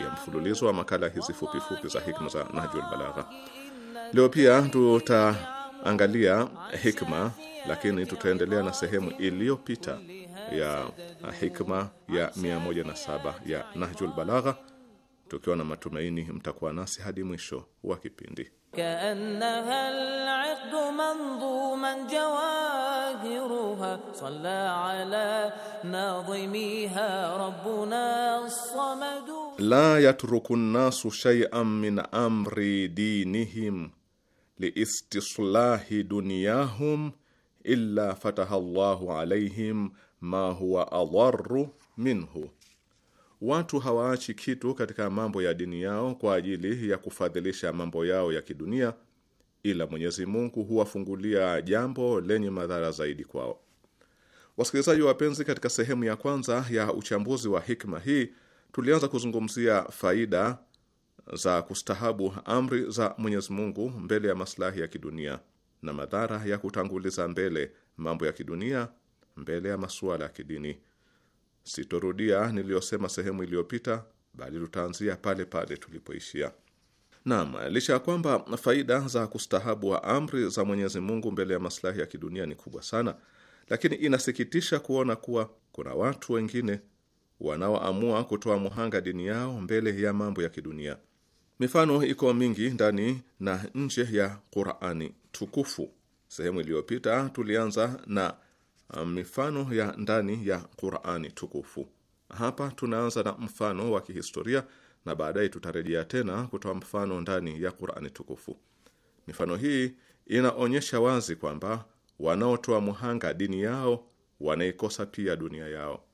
ya mfululizo wa makala hizi fupifupi za hikma za Nahjul Balagha. Leo pia tutaangalia hikma, lakini tutaendelea na sehemu iliyopita ya hikma ya 107 ya Nahjul Balagha, tukiwa na matumaini mtakuwa nasi hadi mwisho wa kipindi la yatruku nnasu shaian min amri dinihim liistislahi dunyahum illa fataha llahu alayhim ma huwa adharu minhu, watu hawaachi kitu katika mambo ya dini yao kwa ajili ya kufadhilisha mambo yao ya kidunia, ila Mwenyezi Mungu huwafungulia jambo lenye madhara zaidi kwao. Wasikilizaji wapenzi, katika sehemu ya kwanza ya uchambuzi wa hikma hii tulianza kuzungumzia faida za kustahabu amri za Mwenyezi Mungu mbele ya maslahi ya kidunia na madhara ya kutanguliza mbele mambo ya kidunia mbele ya masuala ya kidini. Sitorudia niliyosema sehemu iliyopita, bali tutaanzia pale pale tulipoishia. Naam, licha ya kwamba faida za kustahabu wa amri za Mwenyezi Mungu mbele ya maslahi ya kidunia ni kubwa sana, lakini inasikitisha kuona kuwa kuna watu wengine wanaoamua kutoa muhanga dini yao mbele ya mambo ya kidunia. Mifano iko mingi ndani na nje ya Qur'ani tukufu. Sehemu iliyopita tulianza na um, mifano ya ndani ya Qur'ani tukufu. Hapa tunaanza na mfano wa kihistoria na baadaye tutarejea tena kutoa mfano ndani ya Qur'ani tukufu. Mifano hii inaonyesha wazi kwamba wanaotoa muhanga dini yao wanaikosa pia dunia yao.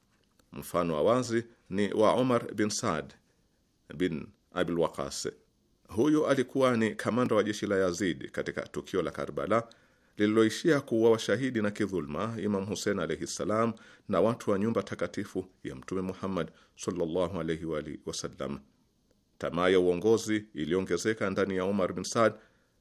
Mfano wa wazi ni wa Omar bin Saad bin Abil Waqas. Huyu alikuwa ni kamanda wa jeshi la Yazid katika tukio la Karbala lililoishia kuwa washahidi na kidhulma Imam Hussein alayhi salam na watu wa nyumba takatifu ya Mtume Muhammad sallallahu alayhi wa alihi wasallam. Tamaa ya uongozi iliongezeka ndani ya Omar bin Saad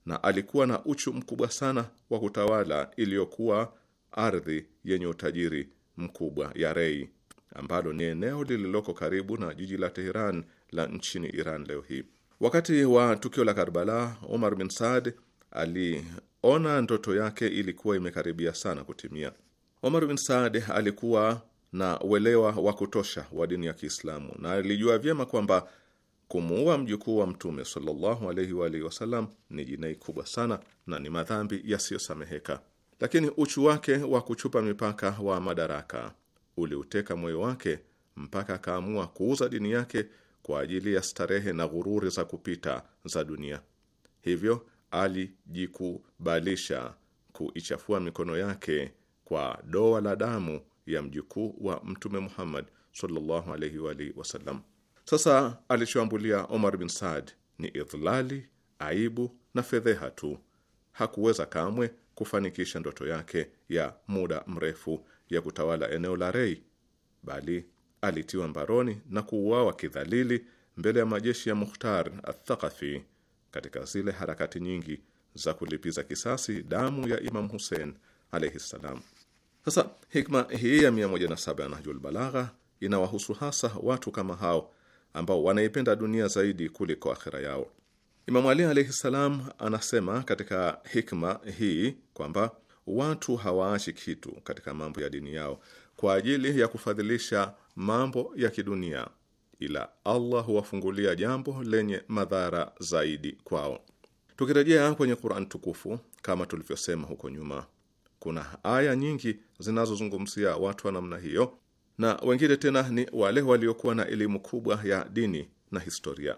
na alikuwa na uchu mkubwa sana wa kutawala iliyokuwa ardhi yenye utajiri mkubwa ya Rei ambalo ni eneo lililoko karibu na jiji la Teheran la nchini Iran leo hii. Wakati wa tukio la Karbala, Omar bin Saad aliona ndoto yake ilikuwa imekaribia sana kutimia. Omar bin Saad alikuwa na uelewa wa kutosha wa dini ya Kiislamu na alijua vyema kwamba kumuua mjukuu wa Mtume sallallahu alaihi wa alihi wasallam ni jinai kubwa sana na ni madhambi yasiyosameheka, lakini uchu wake wa kuchupa mipaka wa madaraka uliuteka moyo wake mpaka akaamua kuuza dini yake kwa ajili ya starehe na ghururi za kupita za dunia. Hivyo alijikubalisha kuichafua mikono yake kwa doa la damu ya mjukuu wa Mtume Muhammad sallallahu alaihi wa alihi wasallam. Sasa alichoambulia Omar bin Saad ni idhlali, aibu na fedheha tu. Hakuweza kamwe kufanikisha ndoto yake ya muda mrefu ya kutawala eneo la Rei, bali alitiwa mbaroni na kuuawa kidhalili mbele ya majeshi ya Mukhtar athaqafi katika zile harakati nyingi za kulipiza kisasi damu ya Imam Hussein alaihi ssalam. Sasa hikma hii ya 107 ya Nahjul Balagha inawahusu hasa watu kama hao ambao wanaipenda dunia zaidi kuliko akhira yao. Imamu Ali alaihi ssalam anasema katika hikma hii kwamba watu hawaachi kitu katika mambo ya dini yao kwa ajili ya kufadhilisha mambo ya kidunia, ila Allah huwafungulia jambo lenye madhara zaidi kwao. Tukirejea kwenye Qur'an tukufu, kama tulivyosema huko nyuma, kuna aya nyingi zinazozungumzia watu wa namna hiyo, na wengine tena ni wale waliokuwa na elimu kubwa ya dini na historia.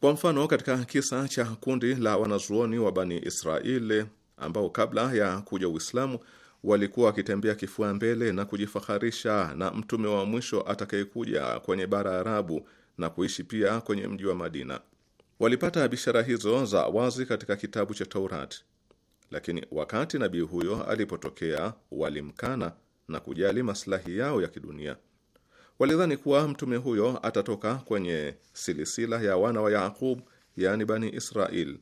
Kwa mfano, katika kisa cha kundi la wanazuoni wa Bani Israeli ambao kabla ya kuja Uislamu walikuwa wakitembea kifua mbele na kujifaharisha na mtume wa mwisho atakayekuja kwenye bara Arabu na kuishi pia kwenye mji wa Madina. Walipata bishara hizo za wazi katika kitabu cha Taurati, lakini wakati nabii huyo alipotokea walimkana na kujali maslahi yao ya kidunia. Walidhani kuwa mtume huyo atatoka kwenye silisila ya wana wa Yaqub, yaani Bani Israil,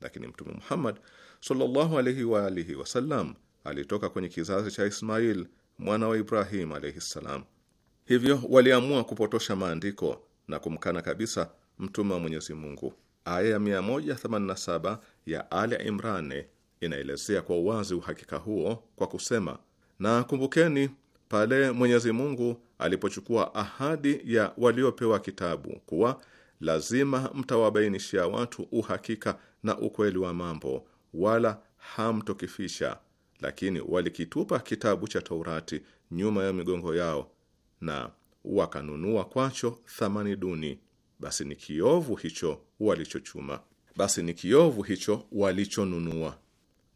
lakini Mtume Muhammad sallallahu alaihi wa alihi wasallam alitoka kwenye kizazi cha Ismail mwana wa Ibrahim alaihi ssalam. Hivyo waliamua kupotosha maandiko na kumkana kabisa mtume wa Mwenyezi Mungu. Aya ya 187 ya Ali Imran inaelezea kwa uwazi uhakika huo kwa kusema, na kumbukeni pale Mwenyezi Mungu alipochukua ahadi ya waliopewa kitabu kuwa lazima mtawabainishia watu uhakika na ukweli wa mambo wala hamtokifisha, lakini walikitupa kitabu cha Taurati nyuma ya migongo yao na wakanunua kwacho thamani duni. Basi ni kiovu hicho walichochuma, basi ni kiovu hicho walichonunua.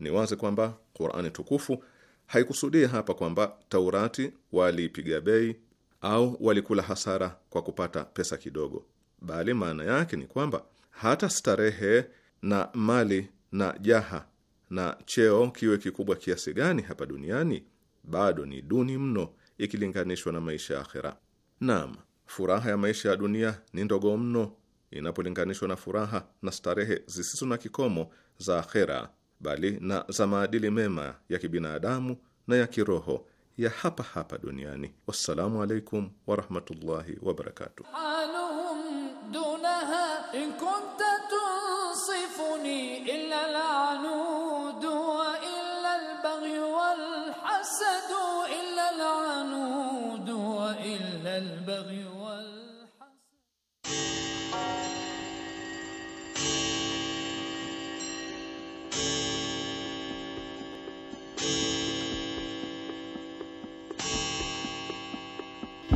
Ni wazi kwamba Qur'ani tukufu haikusudia hapa kwamba Taurati waliipiga bei au walikula hasara kwa kupata pesa kidogo, bali maana yake ni kwamba hata starehe na mali na jaha na cheo kiwe kikubwa kiasi gani hapa duniani, bado ni duni mno ikilinganishwa na maisha ya akhera. Naam, furaha ya maisha ya dunia ni ndogo mno inapolinganishwa na furaha na starehe zisizo na kikomo za akhera, bali na za maadili mema ya kibinadamu na ya kiroho ya hapa hapa duniani. Wassalamu alaikum warahmatullahi wabarakatuh.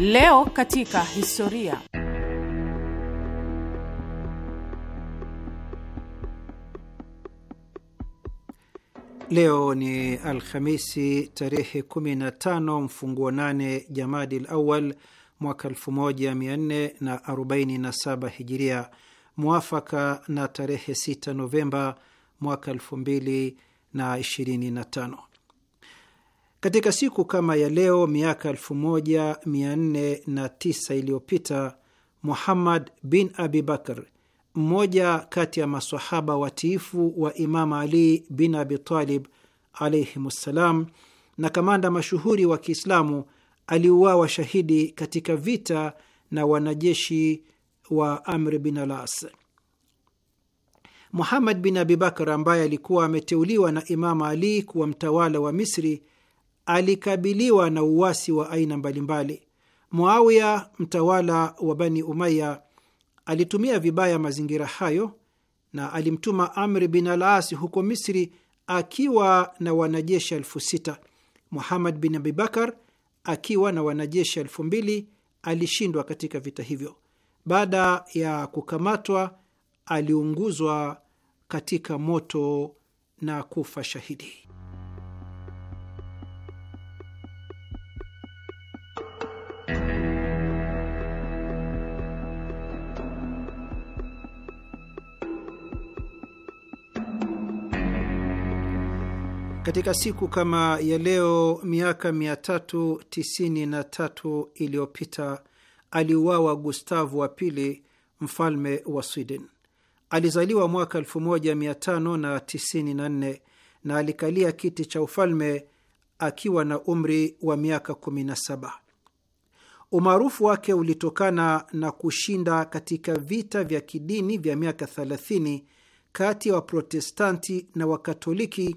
Leo katika historia. Leo ni Alhamisi tarehe 15 mfunguo 8 Jamadil Awal mwaka 1447 hijiria mwafaka na tarehe 6 Novemba mwaka 2025. Katika siku kama ya leo miaka 1409 iliyopita Muhammad bin Abi Bakr, mmoja kati ya masahaba watiifu wa Imamu Ali bin Abi Talib alaihim ssalam, na kamanda mashuhuri wa Kiislamu aliuawa shahidi katika vita na wanajeshi wa Amr bin Alas. Muhamad bin Abibakar ambaye alikuwa ameteuliwa na Imam Ali kuwa mtawala wa Misri alikabiliwa na uwasi wa aina mbalimbali. Muawiya, mtawala wa Bani Umaya, alitumia vibaya mazingira hayo na alimtuma Amri bin Alasi huko Misri akiwa na wanajeshi elfu sita. Muhamad bin Abibakar akiwa na wanajeshi elfu mbili alishindwa katika vita hivyo. Baada ya kukamatwa, aliunguzwa katika moto na kufa shahidi. Katika siku kama ya leo miaka 393 iliyopita aliuawa Gustavu wa pili, mfalme wa Sweden. Alizaliwa mwaka 1594 na alikalia kiti cha ufalme akiwa na umri wa miaka 17. Umaarufu wake ulitokana na kushinda katika vita vya kidini vya miaka 30 kati ya wa Waprotestanti na Wakatoliki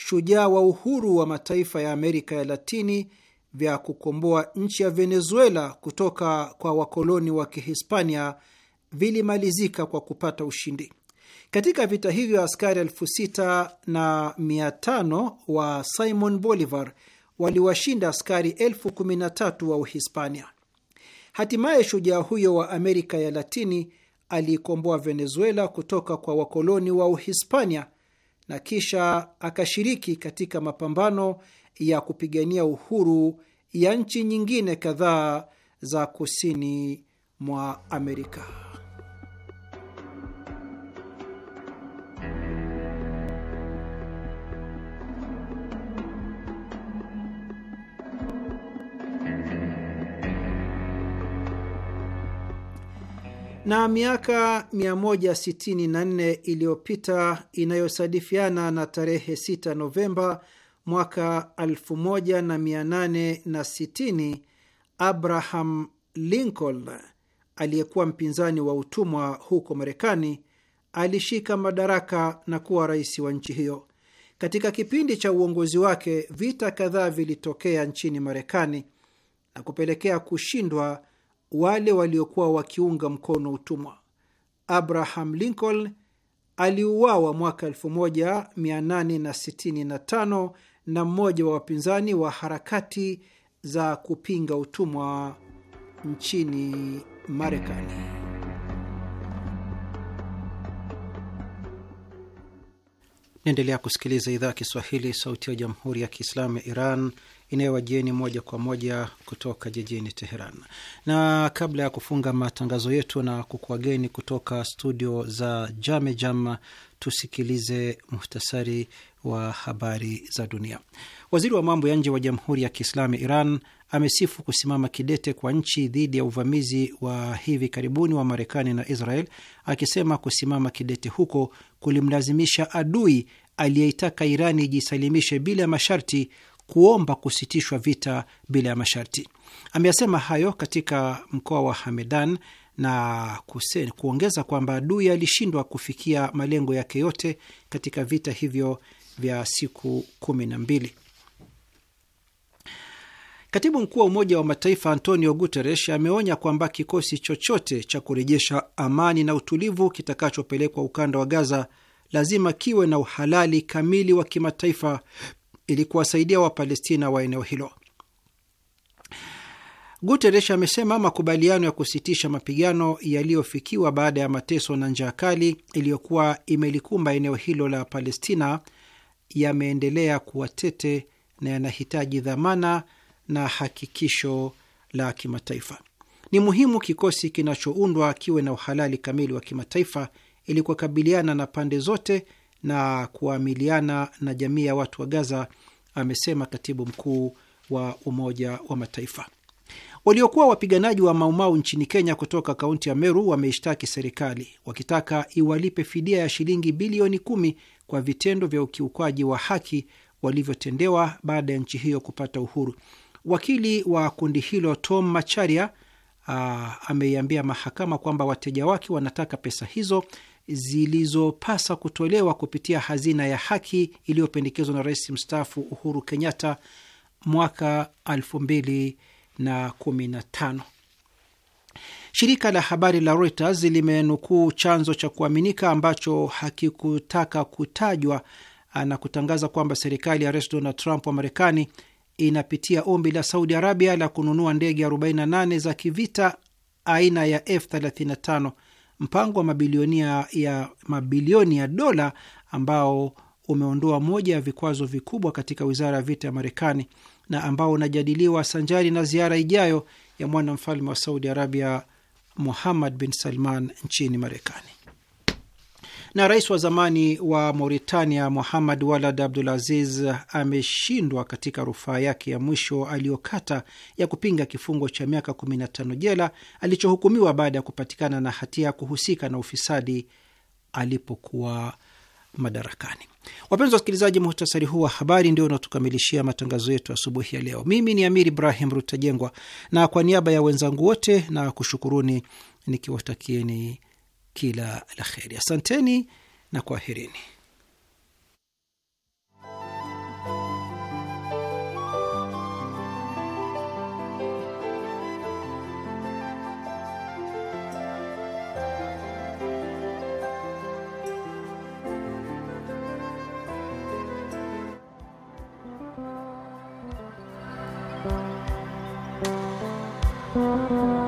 shujaa wa uhuru wa mataifa ya Amerika ya Latini vya kukomboa nchi ya Venezuela kutoka kwa wakoloni wa Kihispania vilimalizika kwa kupata ushindi. Katika vita hivyo askari elfu sita na mia tano wa Simon Bolivar waliwashinda askari elfu kumi na tatu wa Uhispania. Hatimaye shujaa huyo wa Amerika ya Latini aliikomboa Venezuela kutoka kwa wakoloni wa Uhispania na kisha akashiriki katika mapambano ya kupigania uhuru ya nchi nyingine kadhaa za kusini mwa Amerika. na miaka 164 iliyopita inayosadifiana na tarehe 6 Novemba mwaka 1860 Abraham Lincoln aliyekuwa mpinzani wa utumwa huko Marekani alishika madaraka na kuwa rais wa nchi hiyo. Katika kipindi cha uongozi wake, vita kadhaa vilitokea nchini Marekani na kupelekea kushindwa wale waliokuwa wakiunga mkono utumwa. Abraham Lincoln aliuawa mwaka 1865 na mmoja wa wapinzani wa harakati za kupinga utumwa nchini Marekani. Naendelea kusikiliza idhaa ya Kiswahili, sauti ya jamhuri ya kiislamu ya Iran inayowajieni moja kwa moja kutoka jijini Teheran. Na kabla ya kufunga matangazo yetu na kukuwageni kutoka studio za Jamejam, tusikilize muhtasari wa habari za dunia. Waziri wa mambo ya nje wa Jamhuri ya Kiislamu ya Iran amesifu kusimama kidete kwa nchi dhidi ya uvamizi wa hivi karibuni wa Marekani na Israel, akisema kusimama kidete huko kulimlazimisha adui aliyeitaka Irani ijisalimishe bila masharti kuomba kusitishwa vita bila ya masharti. Ameyasema hayo katika mkoa wa Hamedan na kusen, kuongeza kwamba adui alishindwa kufikia malengo yake yote katika vita hivyo vya siku kumi na mbili. Katibu mkuu wa Umoja wa Mataifa Antonio Guterres ameonya kwamba kikosi chochote cha kurejesha amani na utulivu kitakachopelekwa ukanda wa Gaza lazima kiwe na uhalali kamili wa kimataifa ili kuwasaidia Wapalestina wa eneo hilo. Guterres amesema makubaliano ya kusitisha mapigano yaliyofikiwa baada ya mateso na njaa kali iliyokuwa imelikumba eneo hilo la Palestina yameendelea kuwa tete na yanahitaji dhamana na hakikisho la kimataifa. Ni muhimu kikosi kinachoundwa kiwe na uhalali kamili wa kimataifa ili kukabiliana na pande zote na kuamiliana na jamii ya watu wa Gaza, amesema katibu mkuu wa Umoja wa Mataifa. Waliokuwa wapiganaji wa Maumau nchini Kenya kutoka kaunti ya Meru wameishtaki serikali wakitaka iwalipe fidia ya shilingi bilioni kumi kwa vitendo vya ukiukwaji wa haki walivyotendewa baada ya nchi hiyo kupata uhuru. Wakili wa kundi hilo Tom Macharia ah, ameiambia mahakama kwamba wateja wake wanataka pesa hizo zilizopasa kutolewa kupitia hazina ya haki iliyopendekezwa na rais mstaafu Uhuru Kenyatta mwaka 2015. Shirika la habari la Reuters limenukuu chanzo cha kuaminika ambacho hakikutaka kutajwa na kutangaza kwamba serikali ya rais Donald Trump wa Marekani inapitia ombi la Saudi Arabia la kununua ndege 48 za kivita aina ya F35 mpango wa mabilionia ya mabilioni ya dola ambao umeondoa moja ya vikwazo vikubwa katika wizara ya vita ya Marekani na ambao unajadiliwa sanjari na ziara ijayo ya mwanamfalme wa Saudi Arabia Muhammad bin Salman nchini Marekani na rais wa zamani wa Mauritania Muhammad Walad abdul aziz ameshindwa katika rufaa yake ya mwisho aliyokata ya kupinga kifungo cha miaka 15 jela alichohukumiwa baada ya kupatikana na hatia ya kuhusika na ufisadi alipokuwa madarakani. Wapenzi wasikilizaji, muhtasari huu wa habari ndio unatukamilishia matangazo yetu asubuhi ya leo. Mimi ni Amir Ibrahim Rutajengwa, na kwa niaba ya wenzangu wote na kushukuruni nikiwatakieni kila la kheri. Asanteni na kwaherini. Thank you.